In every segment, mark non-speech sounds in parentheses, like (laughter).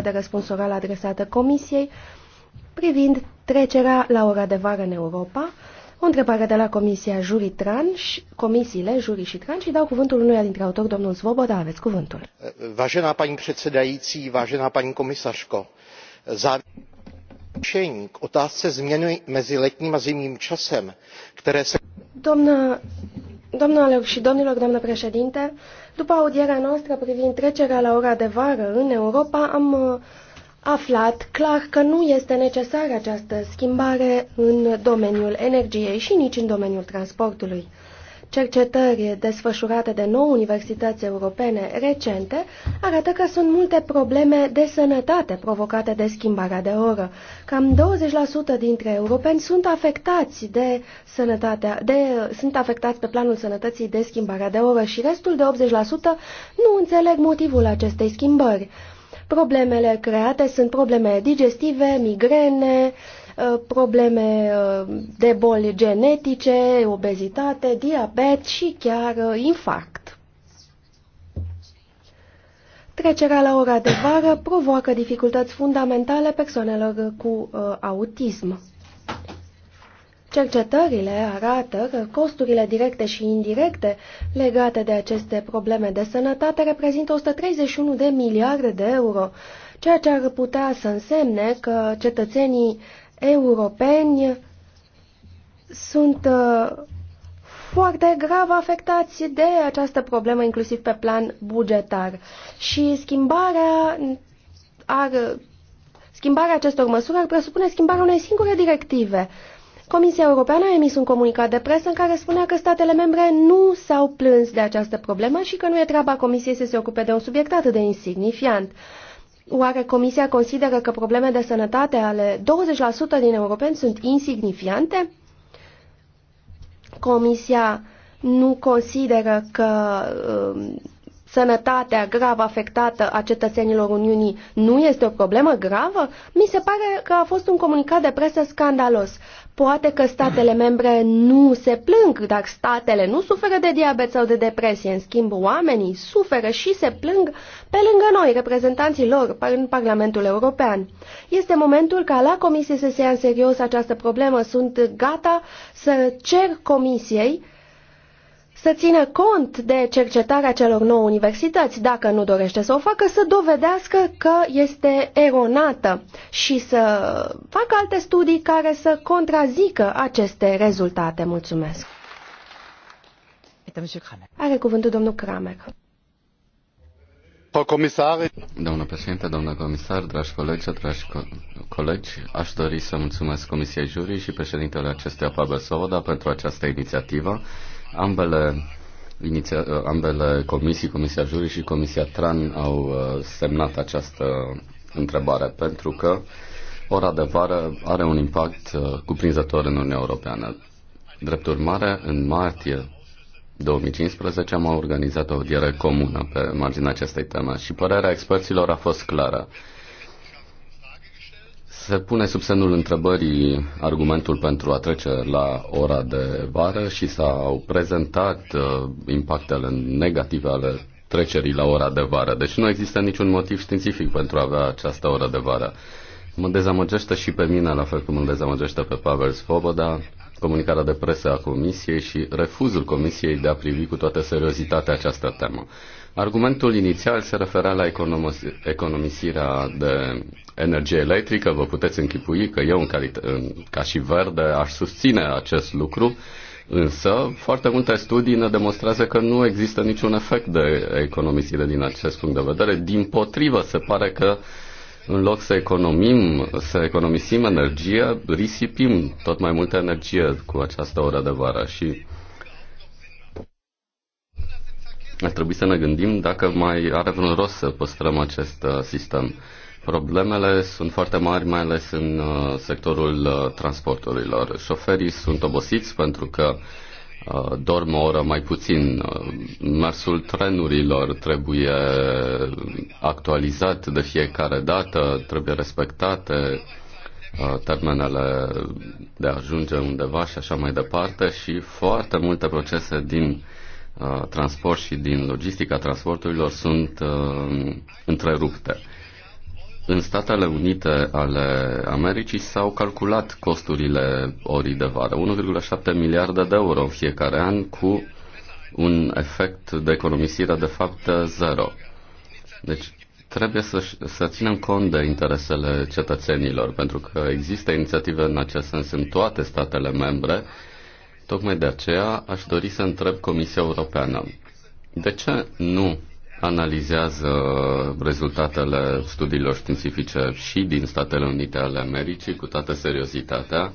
de răspuns oral adresată Comisiei privind trecerea la ora de vară în Europa, o întrebare de la Comisia Juri Tran și Comisiile Juri și Tran și dau cuvântul unui dintre autori, domnul Svoboda, aveți cuvântul. Vážená paní předsedající, vážená paní komisařko, závěrečení k otázce změny mezi letním a zimním časem, které se... Domnilor și domnilor, doamnă președinte, după audierea noastră privind trecerea la ora de vară în Europa, am uh, aflat clar că nu este necesară această schimbare în domeniul energiei și nici în domeniul transportului. Cercetări desfășurate de nouă universități europene recente arată că sunt multe probleme de sănătate provocate de schimbarea de oră. Cam 20% dintre europeni sunt afectați de sănătatea, de, sunt afectați pe planul sănătății de schimbarea de oră și restul de 80% nu înțeleg motivul acestei schimbări. Problemele create sunt probleme digestive, migrene, uh, Uh, probleme uh, de boli genetice, obezitate, diabet și chiar uh, infarct. Trecerea la ora de vară provoacă dificultăți fundamentale persoanelor cu autism. Cercetările arată că costurile directe și indirecte legate de aceste probleme de sănătate reprezintă 131 de miliarde de euro, ceea ce ar putea să însemne că cetățenii europeni sunt uh, foarte grav afectați de această problemă, inclusiv pe plan bugetar. Și schimbarea, ar, schimbarea acestor măsuri ar presupune schimbarea unei singure directive. Comisia Europeană a emis un comunicat de presă în care spunea că statele membre nu s-au plâns de această problemă și că nu e treaba Comisiei să se ocupe de un subiect atât de insignifiant. Oare Comisia consideră că probleme de sănătate ale 20% din europeni sunt insignifiante? Comisia nu consideră că uh, sănătatea grav afectată a cetățenilor Uniunii nu este o problemă gravă? Mi se pare că a fost un comunicat de presă scandalos. Poate că statele membre nu se plâng, dar statele nu suferă de diabet sau de depresie. În schimb, oamenii suferă și se plâng pe lângă noi, reprezentanții lor, în Parlamentul European. Este momentul ca la Comisie să se ia în serios această problemă. Sunt gata să cer Comisiei să țină cont de cercetarea celor nouă universități, dacă nu dorește să o facă, să dovedească că este eronată și să facă alte studii care să contrazică aceste rezultate. Mulțumesc. Are cuvântul domnul Kramer. Doamnă președinte, doamnă comisar, dragi colegi, dragi co colegi, aș dori să mulțumesc Comisiei Jurii și președintele acestei Pavel Sovoda, pentru această inițiativă Ambele, uh, ambele comisii, Comisia Juri și Comisia Tran, au uh, semnat această întrebare pentru că ora de vară are un impact uh, cuprinzător în Uniunea Europeană. Drept urmare, în martie 2015 am organizat o audiere comună pe marginea acestei teme și părerea experților a fost clară. Se pune sub semnul întrebării argumentul pentru a trece la ora de vară și s-au prezentat uh, impactele negative ale trecerii la ora de vară. Deci nu există niciun motiv științific pentru a avea această oră de vară. Mă dezamăgește și pe mine, la fel cum îl dezamăgește pe Pavel Svoboda, comunicarea de presă a Comisiei și refuzul Comisiei de a privi cu toată seriozitatea această temă. Argumentul inițial se referea la economisirea de energie electrică, vă puteți închipui că eu, în calit- în, ca și verde, aș susține acest lucru, însă foarte multe studii ne demonstrează că nu există niciun efect de economisire din acest punct de vedere. Din potrivă, se pare că în loc să economim, să economisim energie, risipim tot mai multă energie cu această oră de vară și ar trebui să ne gândim dacă mai are vreun rost să păstrăm acest uh, sistem. Problemele sunt foarte mari, mai ales în uh, sectorul uh, transporturilor. Șoferii sunt obosiți pentru că uh, dorm o oră mai puțin. Mersul trenurilor trebuie actualizat de fiecare dată, trebuie respectate termenele de a ajunge undeva și așa mai departe și foarte multe procese din transport și din logistica transporturilor sunt întrerupte. În Statele Unite ale Americii s-au calculat costurile orii de vară, 1,7 miliarde de euro în fiecare an, cu un efect de economisire de fapt zero. Deci trebuie să, să ținem cont de interesele cetățenilor, pentru că există inițiative în acest sens în toate statele membre. Tocmai de aceea aș dori să întreb Comisia Europeană. De ce nu analizează rezultatele studiilor științifice și din Statele Unite ale Americii cu toată seriozitatea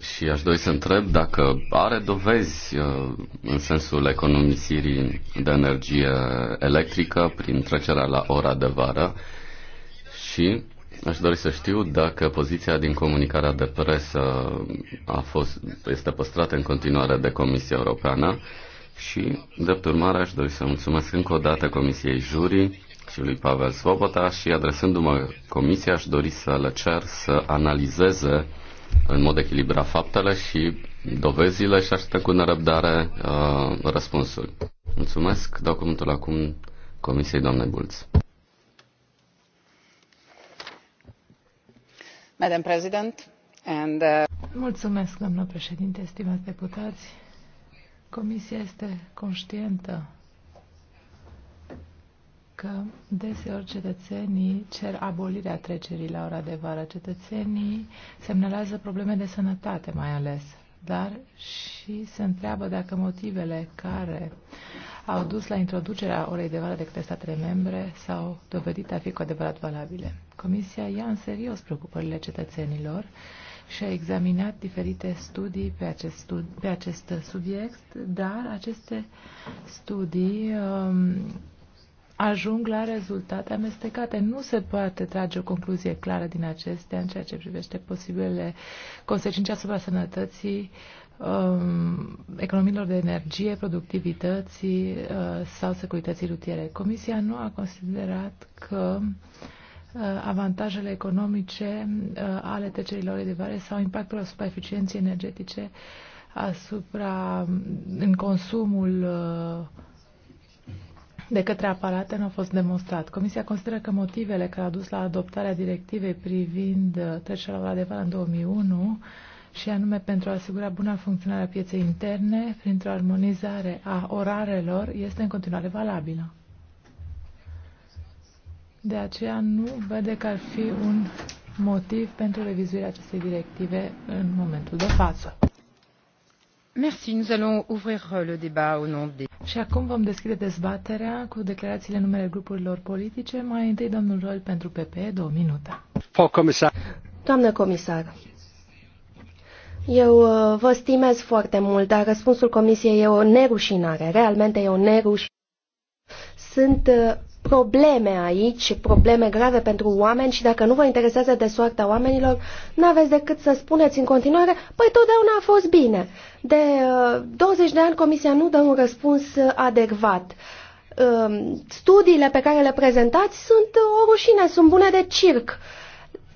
și aș dori să întreb dacă are dovezi uh, în sensul economisirii de energie electrică prin trecerea la ora de vară și aș dori să știu dacă poziția din comunicarea de presă a fost, este păstrată în continuare de Comisia Europeană și, drept urmare, aș dori să mulțumesc încă o dată Comisiei Jurii și lui Pavel Svoboda și, adresându-mă Comisiei, aș dori să le cer să analizeze în mod echilibrat faptele și dovezile și aștept cu nerăbdare uh, răspunsul. Mulțumesc. Dau cuvântul acum Comisiei doamnei Bulț. Madam President, and, uh... Mulțumesc, doamnă președinte, stimați deputați. Comisia este conștientă că deseori cetățenii cer abolirea trecerii la ora de vară. Cetățenii semnalează probleme de sănătate mai ales, dar și se întreabă dacă motivele care au dus la introducerea orei de vară de către statele membre s-au dovedit a fi cu adevărat valabile. Comisia ia în serios preocupările cetățenilor și a examinat diferite studii pe acest, studi pe acest subiect, dar aceste studii um, ajung la rezultate amestecate. Nu se poate trage o concluzie clară din acestea în ceea ce privește posibilele consecințe asupra sănătății, um, economiilor de energie, productivității uh, sau securității rutiere. Comisia nu a considerat că uh, Uh, avantajele economice uh, ale tecerilor de vare sau impactul asupra eficienței energetice asupra mm, în consumul uh, de către aparate nu a fost demonstrat. Comisia consideră că motivele care au dus la adoptarea directivei privind trecerea la adevăr în 2001 și anume pentru a asigura buna funcționare a pieței interne printr-o armonizare a orarelor este în continuare valabilă. De aceea nu vede că ar fi un motiv pentru revizuirea acestei directive în momentul de față. Merci, nous allons ouvrir euh, le débat au nom des... Și acum vom deschide dezbaterea cu declarațiile numele grupurilor politice. Mai întâi, domnul Rol, pentru PP, două minute. comisar. Doamnă comisar, eu uh, vă stimez foarte mult, dar răspunsul comisiei e o nerușinare. Realmente e o nerușinare. Sunt uh, probleme aici, probleme grave pentru oameni și dacă nu vă interesează de soarta oamenilor, nu aveți decât să spuneți în continuare, păi totdeauna a fost bine. De uh, 20 de ani Comisia nu dă un răspuns uh, adecvat. Uh, studiile pe care le prezentați sunt uh, o rușine, sunt bune de circ. Uh,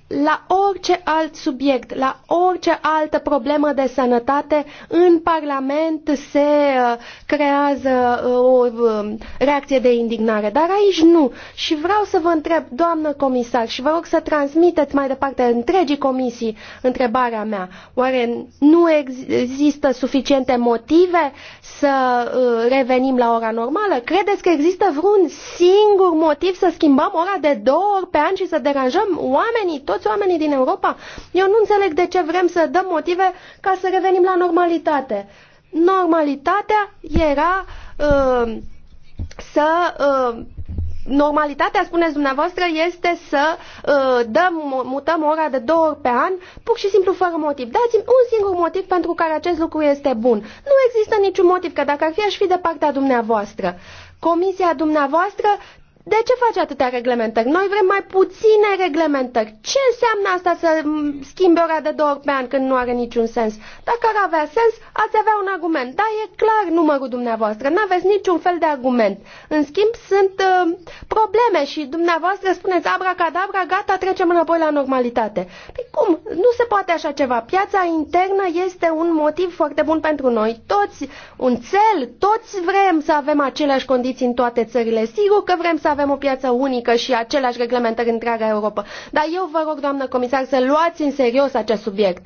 la orice alt subiect, la orice altă problemă de sănătate, în Parlament se uh, creează uh, o um, reacție de indignare. Dar aici nu. Și vreau să vă întreb, doamnă comisar, și vă rog să transmiteți mai departe întregii comisii întrebarea mea. Oare nu există suficiente motive să uh, revenim la ora normală? Credeți că există vreun singur motiv să schimbăm ora de două ori pe an și să deranjăm oamenii? toți oamenii din Europa. Eu nu înțeleg de ce vrem să dăm motive ca să revenim la normalitate. Normalitatea era uh, să... Uh, normalitatea, spuneți dumneavoastră, este să uh, dăm, mutăm ora de două ori pe an, pur și simplu fără motiv. Dați-mi un singur motiv pentru care acest lucru este bun. Nu există niciun motiv, că dacă ar fi, aș fi de partea dumneavoastră. Comisia dumneavoastră de ce face atâtea reglementări? Noi vrem mai puține reglementări. Ce înseamnă asta să schimbe ora de două ori pe an când nu are niciun sens? Dacă ar avea sens, ați avea un argument. Da, e clar numărul dumneavoastră. Nu aveți niciun fel de argument. În schimb, sunt uh, probleme și dumneavoastră spuneți abracadabra, gata, trecem înapoi la normalitate. Păi cum? Nu se poate așa ceva. Piața internă este un motiv foarte bun pentru noi toți, un cel. Toți vrem să avem aceleași condiții în toate țările. Sigur că vrem să avem o piață unică și aceleași reglementări în întreaga Europa. Dar eu vă rog, doamnă comisar, să luați în serios acest subiect.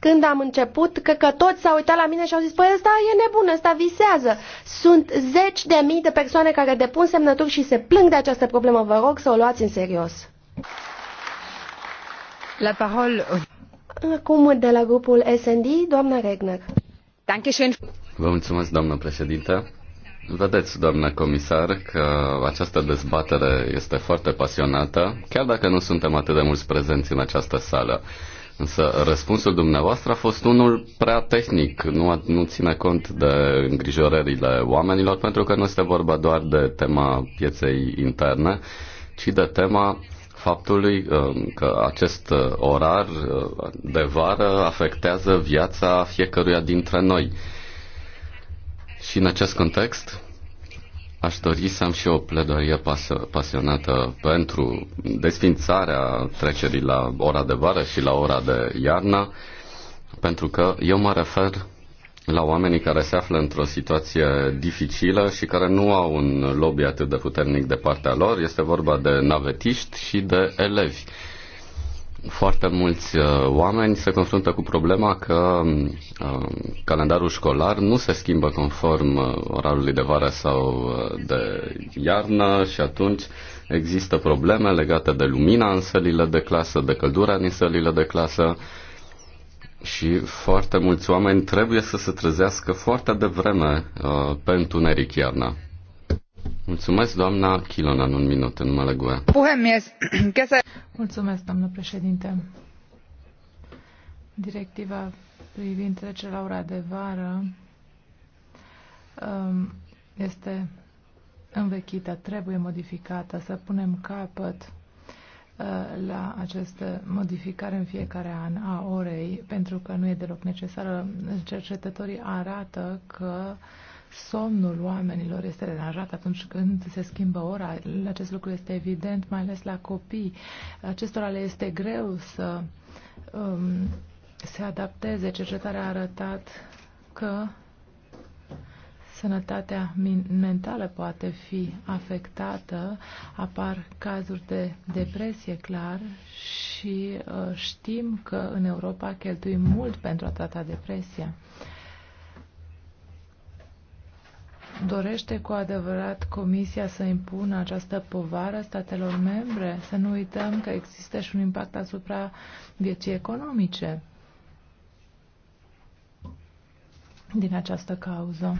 Când am început, cred că toți s-au uitat la mine și au zis, păi ăsta e nebun, ăsta visează. Sunt zeci de mii de persoane care depun semnături și se plâng de această problemă. Vă rog să o luați în serios. La parole... Acum de la grupul SND, doamna Regner. Vă mulțumesc, doamnă președintă. Vedeți, doamnă comisar, că această dezbatere este foarte pasionată, chiar dacă nu suntem atât de mulți prezenți în această sală. Însă răspunsul dumneavoastră a fost unul prea tehnic, nu, a nu ține cont de îngrijorările oamenilor, pentru că nu este vorba doar de tema pieței interne, ci de tema faptului uh, că acest uh, orar uh, de vară afectează viața fiecăruia dintre noi și în acest context, aș dori să am și o pledoarie pas- pasionată pentru desfințarea trecerii la ora de vară și la ora de iarnă, pentru că eu mă refer la oamenii care se află într-o situație dificilă și care nu au un lobby atât de puternic de partea lor. Este vorba de navetiști și de elevi foarte mulți uh, oameni se confruntă cu problema că um, calendarul școlar nu se schimbă conform uh, orarului de vară sau uh, de iarnă și atunci există probleme legate de lumina în sălile de clasă, de căldura în sălile de clasă și foarte mulți oameni trebuie să se trezească foarte devreme uh, pentru întuneric iarna. Mulțumesc, doamna Chilonan, un minut în numele Mulțumesc, doamnă președinte. Directiva privind trecerea la ora de vară um, este învechită, trebuie modificată, să punem capăt uh, la această modificare în fiecare an a orei, pentru că nu e deloc necesară. Cercetătorii arată că uh, somnul oamenilor este deranjat atunci când se schimbă ora. Acest lucru este evident, mai ales la copii. Acestora le este greu să um, se adapteze. Cercetarea a arătat că sănătatea mentală poate fi afectată, apar cazuri de depresie clar și uh, știm că în Europa cheltuim mult pentru a trata depresia. Uh, Dorește cu adevărat Comisia să impună această povară statelor membre? Să nu uităm că există și un impact asupra vieții economice din această cauză.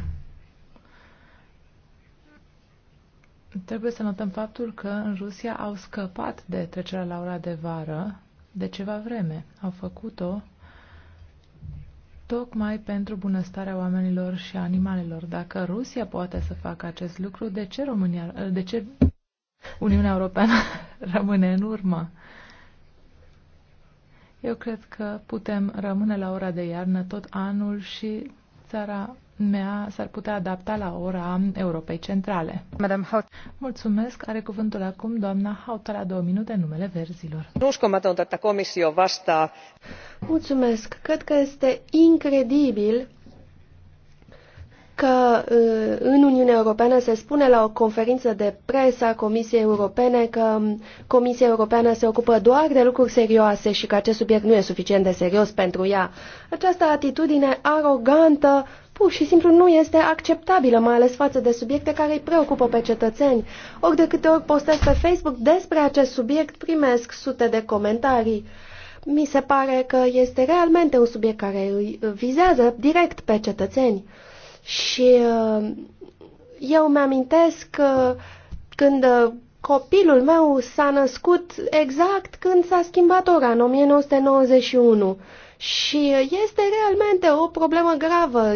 Trebuie să notăm faptul că în Rusia au scăpat de trecerea la ora de vară de ceva vreme. Au făcut-o tocmai pentru bunăstarea oamenilor și animalelor. Dacă Rusia poate să facă acest lucru, de ce, România, de ce Uniunea Europeană (laughs) rămâne în urmă? Eu cred că putem rămâne la ora de iarnă tot anul și țara mea s-ar putea adapta la ora Europei Centrale. Madame Haut. Mulțumesc. Are cuvântul acum doamna La două minute în numele verzilor. Uskomatonta, että komissio vastaa. Mulțumesc. Cred că este incredibil că uh, în Uniunea Europeană se spune la o conferință de presă a Comisiei Europene că um, Comisia Europeană se ocupă doar de lucruri serioase și că acest subiect nu e suficient de serios pentru ea. Această atitudine arogantă pur și simplu nu este acceptabilă, mai ales față de subiecte care îi preocupă pe cetățeni. Ori de câte ori postez pe Facebook despre acest subiect, primesc sute de comentarii. Mi se pare că este realmente un subiect care îi vizează direct pe cetățeni. Și uh, eu mi-amintesc că când uh, copilul meu s-a născut exact când s-a schimbat ora, în 1991. Și uh, este realmente o problemă gravă.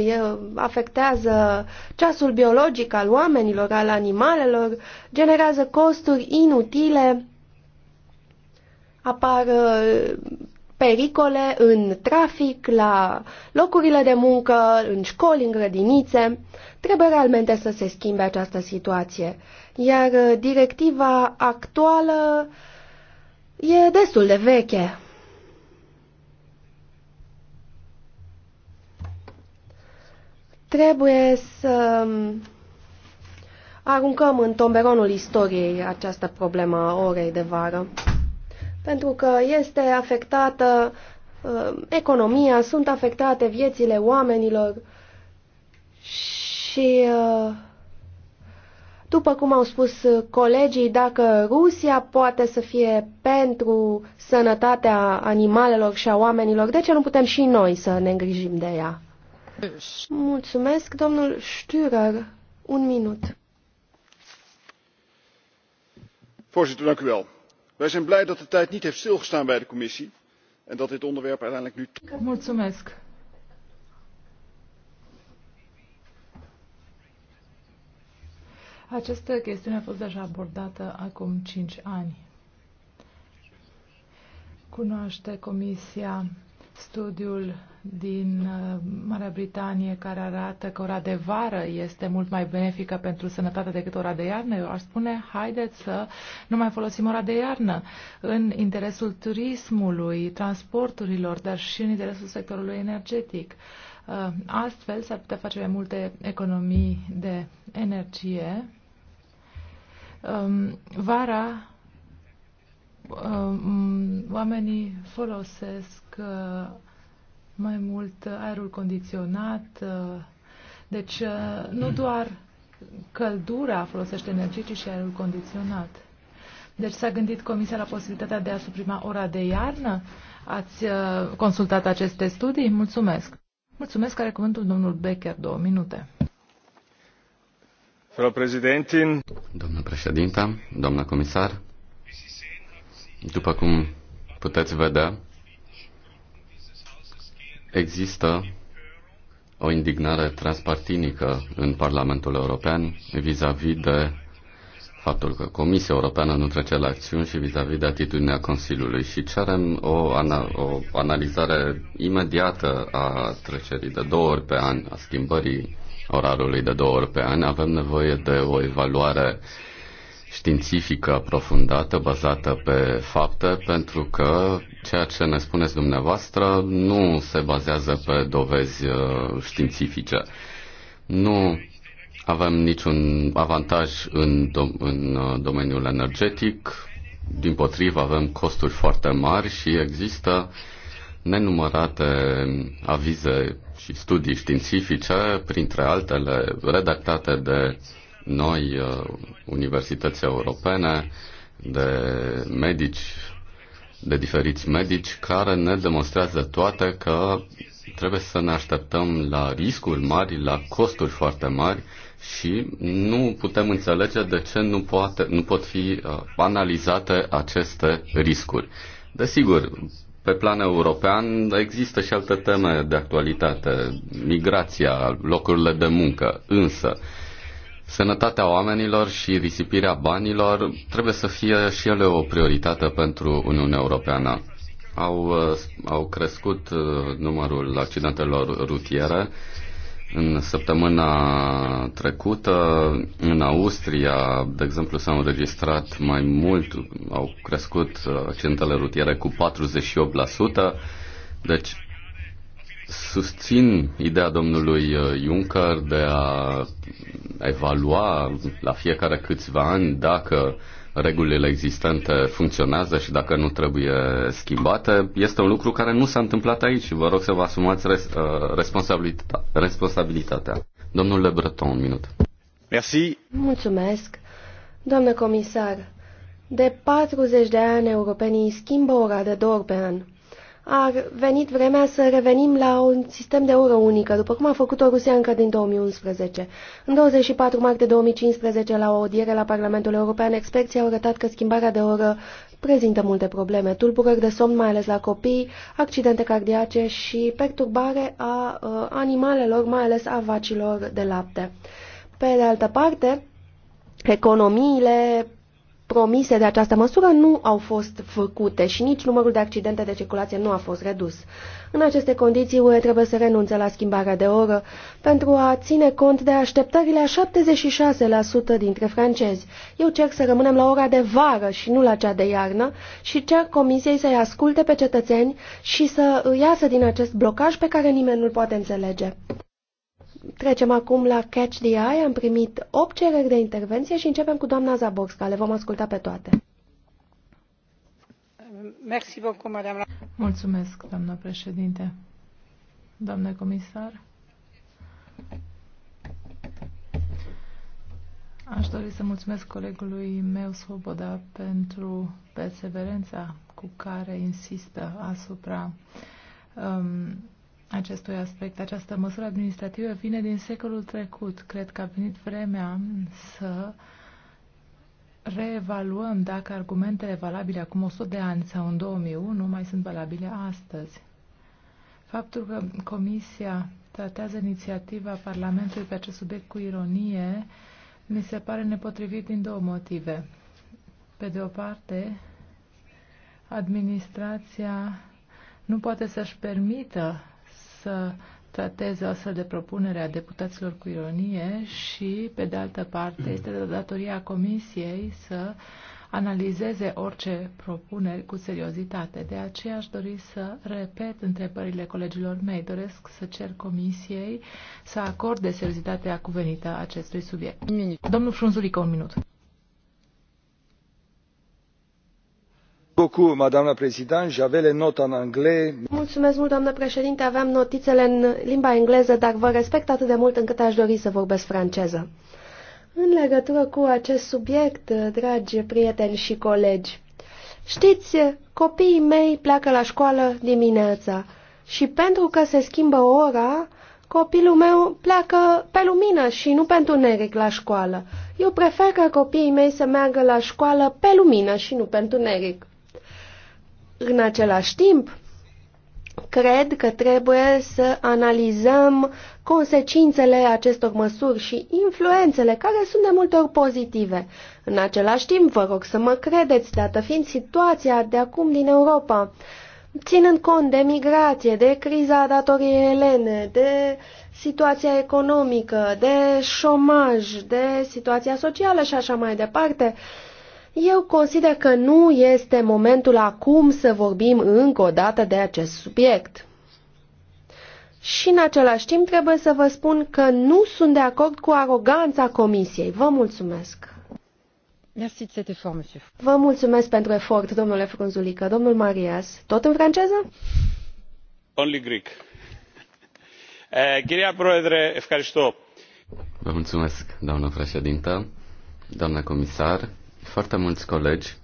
Afectează ceasul biologic al oamenilor, al animalelor, generează costuri inutile, apar uh, pericole în trafic, la locurile de muncă, în școli, în grădinițe. Trebuie realmente să se schimbe această situație. Iar uh, directiva actuală e destul de veche. Trebuie să um, aruncăm în tomberonul istoriei această problemă a orei de vară, pentru că este afectată um, economia, sunt afectate viețile oamenilor și, uh, după cum au spus colegii, dacă Rusia poate să fie pentru sănătatea animalelor și a oamenilor, de ce nu putem și noi să ne îngrijim de ea? Mulțumesc, domnul Stürer. Un minut. Voorzitter, dank u wel. Wij zijn blij dat de tijd niet heeft stilgestaan bij de commissie en dat dit onderwerp uiteindelijk nu. Mulțumesc. Această chestiune a fost deja abordată acum 5 ani. Cunoaște Comisia studiul din uh, Marea Britanie care arată că ora de vară este mult mai benefică pentru sănătate decât ora de iarnă, eu aș spune, haideți să nu mai folosim ora de iarnă în interesul turismului, transporturilor, dar și în interesul sectorului energetic. Uh, astfel s-ar putea face mai multe economii de energie. Um, vara Uh, oamenii folosesc uh, mai mult aerul condiționat, uh, deci nu doar căldura folosește energie, ci și aerul condiționat. Deci s-a gândit Comisia la posibilitatea de a suprima ora de iarnă? Ați consultat aceste studii? Mulțumesc! Mulțumesc, are cuvântul domnul Becker, două minute. Domnul președinte, domnul comisar, după cum puteți vedea, există o indignare transpartinică în Parlamentul European vis-a-vis -vis de faptul că Comisia Europeană nu trece la acțiuni și vis-a-vis -vis de atitudinea Consiliului și cerem o, ana- o analizare imediată a trecerii de două ori pe an, a schimbării orarului de două ori pe an. Avem nevoie de o evaluare uh, științifică profundată, bazată pe fapte, pentru că ceea ce ne spuneți dumneavoastră nu se bazează pe dovezi uh, științifice. Nu avem niciun avantaj în, dom- în uh, domeniul energetic, din potrivă avem costuri foarte mari și există nenumărate avize și studii științifice, printre altele redactate de noi uh, universități europene, de medici, de diferiți medici, care ne demonstrează toate că trebuie să ne așteptăm la riscuri mari, la costuri foarte mari și nu putem înțelege de ce nu, poate, nu pot fi uh, analizate aceste riscuri. Desigur, pe plan european există și alte teme de actualitate, migrația, locurile de muncă, însă Sănătatea oamenilor și risipirea banilor trebuie să fie și ele o prioritate pentru Uniunea Europeană. Au, uh, au crescut uh, numărul accidentelor rutiere. În săptămâna trecută, în Austria, de exemplu, s-au înregistrat mai mult, au crescut uh, accidentele rutiere cu 48%. Deci, Susțin ideea domnului uh, Juncker de a evalua la fiecare câțiva ani dacă regulile existente funcționează și dacă nu trebuie schimbate. Este un lucru care nu s-a întâmplat aici și vă rog să vă asumați res, uh, responsabilita, responsabilitatea. Domnul Le Breton, un minut. Merci. Mulțumesc. Doamnă comisar, de 40 de ani europenii schimbă ora de două ori pe an a venit vremea să revenim la un sistem de euro unică, după cum a făcut-o Rusia încă din 2011. În 24 martie 2015, la o audiere la Parlamentul European, experții au arătat că schimbarea de oră prezintă multe probleme, tulburări de somn, mai ales la copii, accidente cardiace și perturbare a uh, animalelor, mai ales a vacilor de lapte. Pe de altă parte, economiile promise de această măsură nu au fost făcute și nici numărul de accidente de circulație nu a fost redus. În aceste condiții, UE trebuie să renunțe la schimbarea de oră pentru a ține cont de așteptările a 76% dintre francezi. Eu cer să rămânem la ora de vară și nu la cea de iarnă și cer Comisiei să-i asculte pe cetățeni și să iasă din acest blocaj pe care nimeni nu-l poate înțelege. Trecem acum la Catch the Eye. Am primit 8 cereri de intervenție și începem cu doamna Zaborska. Le vom asculta pe toate. Mulțumesc, doamna președinte. Doamne comisar. Aș dori să mulțumesc colegului meu, Svoboda, pentru perseverența cu care insistă asupra um, acestui aspect. Această măsură administrativă vine din secolul trecut. Cred că a venit vremea să reevaluăm dacă argumentele valabile acum 100 de ani sau în 2001 nu mai sunt valabile astăzi. Faptul că Comisia tratează inițiativa Parlamentului pe acest subiect cu ironie mi se pare nepotrivit din două motive. Pe de o parte, administrația nu poate să-și permită să trateze o astfel de propunere a deputaților cu ironie și, pe de altă parte, este de datoria Comisiei să analizeze orice propuneri cu seriozitate. De aceea aș dori să repet întrebările colegilor mei. Doresc să cer Comisiei să acorde seriozitatea cuvenită acestui subiect. Domnul Frunzulică, un minut. Mulțumesc doamnă președinte. Aveam notițele în limba engleză, dar vă respect atât de mult încât aș dori să vorbesc franceză. În legătură cu acest subiect, dragi prieteni și colegi, știți, copiii mei pleacă la școală dimineața și pentru că se schimbă ora, copilul meu pleacă pe lumină și nu pentru neric la școală. Eu prefer ca copiii mei să meargă la școală pe lumină și nu pentru neric. În același timp, cred că trebuie să analizăm consecințele acestor măsuri și influențele, care sunt de multe ori pozitive. În același timp, vă rog să mă credeți, dată fiind situația de acum din Europa, ținând cont de migrație, de criza datoriei elene, de situația economică, de șomaj, de situația socială și așa mai departe, uh, eu consider că nu este momentul acum să vorbim încă o dată de acest subiect. Și în același timp trebuie să vă spun că nu sunt de acord cu aroganța Comisiei. Vă mulțumesc! Vă mulțumesc pentru efort, domnule Frunzulică. Domnul Marias, tot în franceză? Only Greek. Eh, chiria Proedre, Vă mulțumesc, doamnă președintă, doamnă comisar, foarte mulți colegi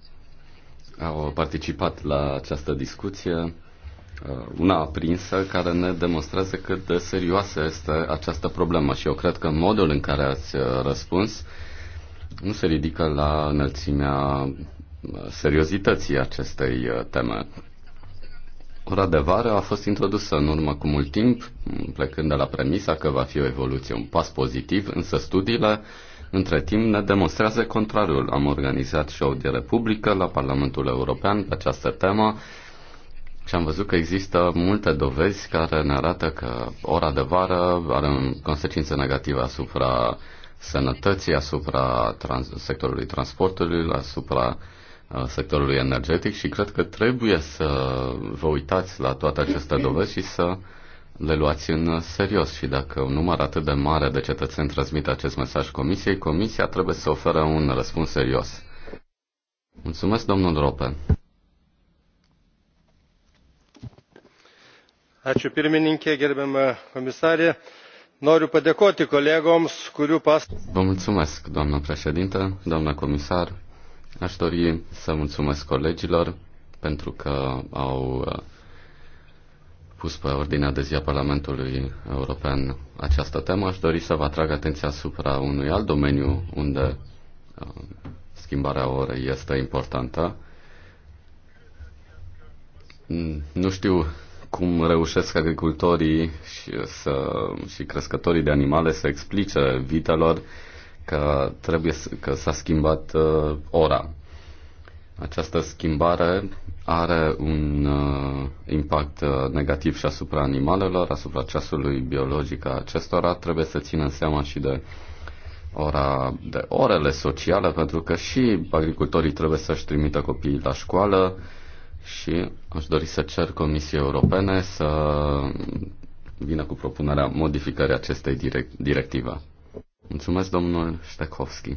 au participat la această discuție, uh, una aprinsă, care ne demonstrează cât de serioasă este această problemă și eu cred că modul în care ați uh, răspuns nu se ridică la înălțimea uh, seriozității acestei teme. Ora de vară a fost introdusă în urmă cu mult timp, plecând de la premisa că va fi o evoluție, un pas pozitiv, însă studiile uh, între timp ne demonstrează contrariul. Am organizat și o audiere la Parlamentul European pe această temă și am văzut că există multe dovezi care ne arată că ora de vară are consecințe negative asupra sănătății, asupra trans- sectorului transportului, asupra uh, sectorului energetic și cred că trebuie să vă uitați la toate aceste dovezi și să le luați în serios și dacă un număr atât de mare de cetățeni transmite acest mesaj comisiei, comisia trebuie să oferă un răspuns serios. Mulțumesc, domnul Rope. Ačiū pirmininkė, gerbiama komisarė. Noriu padėkoti kolegoms, kurių pas... Vă mulțumesc, doamnă Președinte doamnă comisar. Aș dori să mulțumesc colegilor pentru că au pus pe ordinea de zi a Parlamentului European această temă, aș dori să vă atrag atenția asupra unui alt domeniu unde uh, schimbarea orei este importantă. Nu știu cum reușesc agricultorii și, să, și crescătorii de animale să explice vitelor că trebuie să, că s-a schimbat uh, ora. Această schimbare are un uh, impact uh, negativ și asupra animalelor, asupra ceasului biologic a acestora. Trebuie să ținem seama și de ora de orele sociale, pentru că și agricultorii trebuie să-și trimită copiii la școală și aș dori să cer Comisiei Europene să vină cu propunerea modificării acestei direct- directive. Mulțumesc, domnul Ștechovski.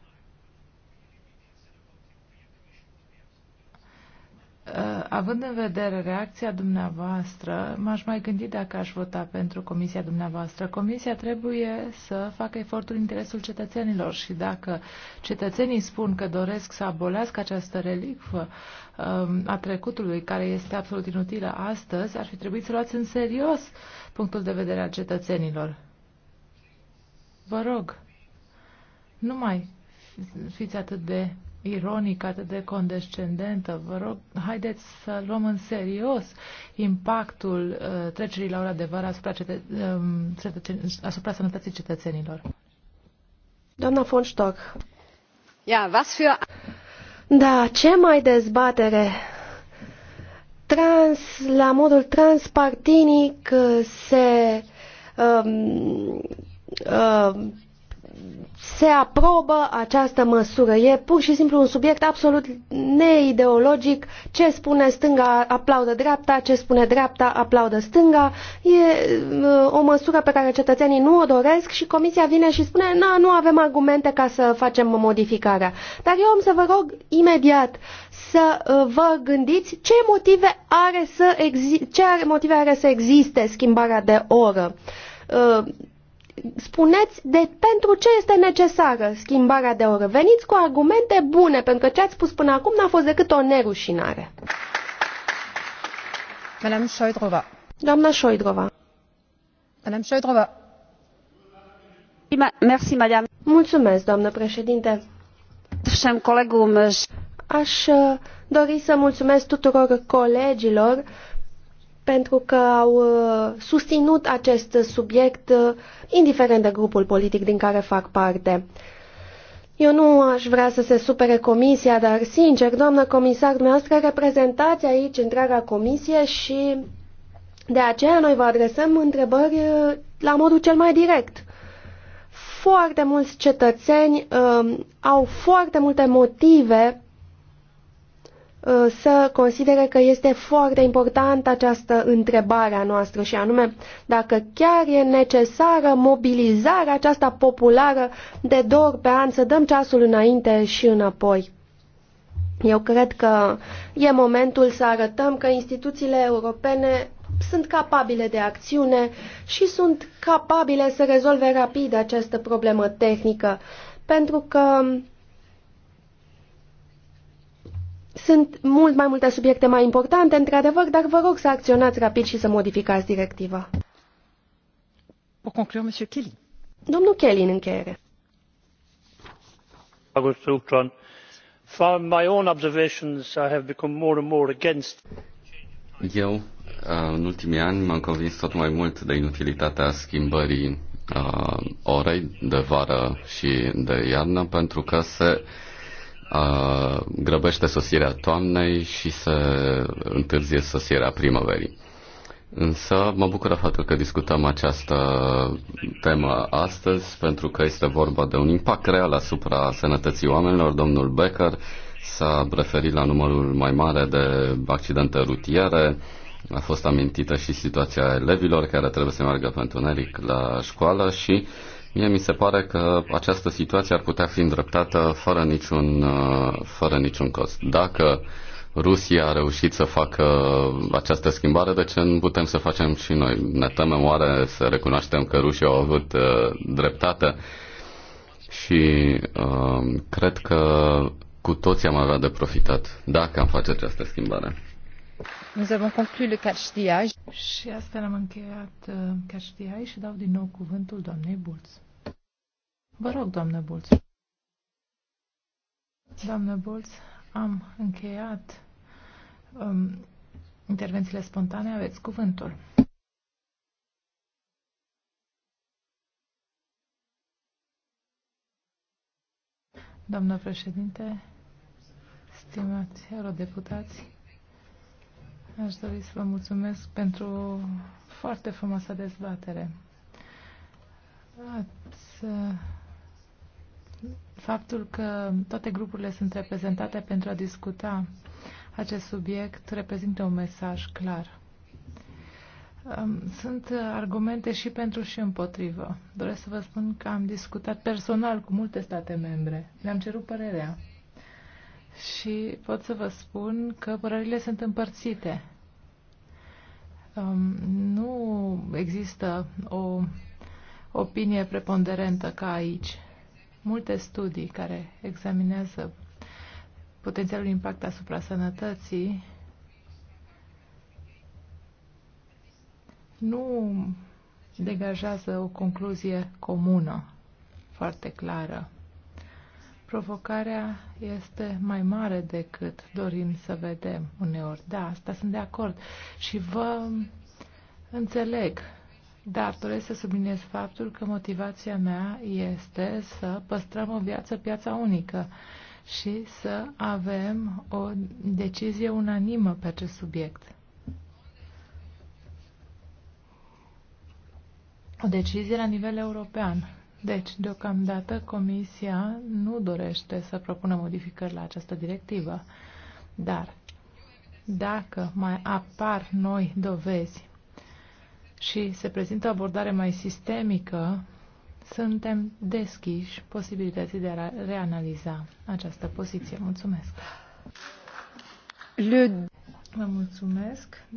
Uh, având în vedere reacția dumneavoastră, m-aș mai gândi dacă aș vota pentru comisia dumneavoastră. Comisia trebuie să facă efortul în interesul cetățenilor și dacă cetățenii spun că doresc să abolească această relicvă um, a trecutului, care este absolut inutilă astăzi, ar fi trebuit să luați în serios punctul de vedere al cetățenilor. Vă rog, nu mai fiți atât de ironică, atât de condescendentă. Vă rog, haideți să luăm în serios impactul uh, trecerii la ora de vară asupra, um, cetă, uh, asupra sănătății cetățenilor. Doamna von Stock. Ja, was für... Da, ce mai dezbatere trans, la modul transpartinic se um, uh, se aprobă această măsură. E pur și simplu un subiect absolut neideologic. Ce spune stânga aplaudă dreapta, ce spune dreapta aplaudă stânga. E uh, o măsură pe care cetățenii nu o doresc și comisia vine și spune na, nu avem argumente ca să facem modificarea. Dar eu am să vă rog imediat să uh, vă gândiți ce motive are să, exi- ce motive are să existe schimbarea de oră uh, spuneți de pentru ce este necesară schimbarea de oră. Veniți cu argumente bune, pentru că ce ați spus până acum n-a fost decât o nerușinare. Madame Șoidrova. Doamna Șoidrova. Madame Șoidrova. Merci, madame. Mulțumesc, doamnă președinte. Všem colegum. Aș uh, dori să mulțumesc tuturor colegilor pentru că au uh, susținut acest subiect, uh, indiferent de grupul politic din care fac parte. Eu nu aș vrea să se supere comisia, dar sincer, doamnă comisar, dumneavoastră reprezentați aici întreaga comisie și de aceea noi vă adresăm întrebări uh, la modul cel mai direct. Foarte mulți cetățeni um, au foarte multe motive Uh, să considere că este foarte importantă această întrebare a noastră și anume dacă chiar e necesară mobilizarea aceasta populară de două ori pe an, să dăm ceasul înainte și înapoi. Eu cred că e momentul să arătăm că instituțiile europene sunt capabile de acțiune și sunt capabile să rezolve rapid această problemă tehnică, pentru că Sunt mult mai multe subiecte mai importante, într-adevăr, dar vă rog să acționați rapid și să modificați directiva. Pour conclure, Monsieur Kelly. Domnul Kelly, în încheiere. Eu, uh, în ultimii ani, m-am convins tot mai mult de inutilitatea schimbării uh, orei de vară și de iarnă, pentru că se uh, grăbește sosirea toamnei și se întârzie sosirea primăverii. Însă mă bucură faptul că discutăm această temă astăzi, pentru că este vorba de un impact real asupra sănătății oamenilor. Domnul Becker s-a referit la numărul mai mare de accidente rutiere, a fost amintită și situația elevilor care trebuie să meargă pe întuneric la școală și uh, Mie mi se pare că această situație ar putea fi îndreptată fără niciun, uh, fără niciun cost. Dacă Rusia a reușit să facă această schimbare, de ce nu putem să facem și noi? Ne temem oare să recunoaștem că rușii au avut uh, dreptate? Și uh, cred că cu toții am avea de profitat dacă am face această schimbare. Nous avons conclu le catch the eye. Și astfel am încheiat uh, catch the și dau din nou cuvântul doamnei Bulț. Vă rog, doamnă Bulț. Doamnă Bulț, am încheiat um, intervențiile spontane. Aveți cuvântul. Doamnă președinte, stimați eurodeputați, Aș dori să vă mulțumesc pentru foarte frumoasă dezbatere. Ați, faptul că toate grupurile sunt reprezentate pentru a discuta acest subiect reprezintă un mesaj clar. Sunt argumente și pentru și împotrivă. Doresc să vă spun că am discutat personal cu multe state membre. Le-am cerut părerea și pot să vă spun că părerile sunt împărțite. Um, nu există o opinie preponderentă ca aici. Multe studii care examinează potențialul impact asupra sănătății nu degajează o concluzie comună, foarte clară provocarea este mai mare decât dorim să vedem uneori. Da, asta sunt de acord și vă înțeleg, dar doresc să subliniez faptul că motivația mea este să păstrăm o viață piața unică și să avem o decizie unanimă pe acest subiect. O decizie la nivel european deci, deocamdată, Comisia nu dorește să propună modificări la această directivă, dar dacă mai apar noi dovezi și se prezintă o abordare mai sistemică, suntem deschiși posibilității de a reanaliza această poziție. Mulțumesc! Vă mulțumesc!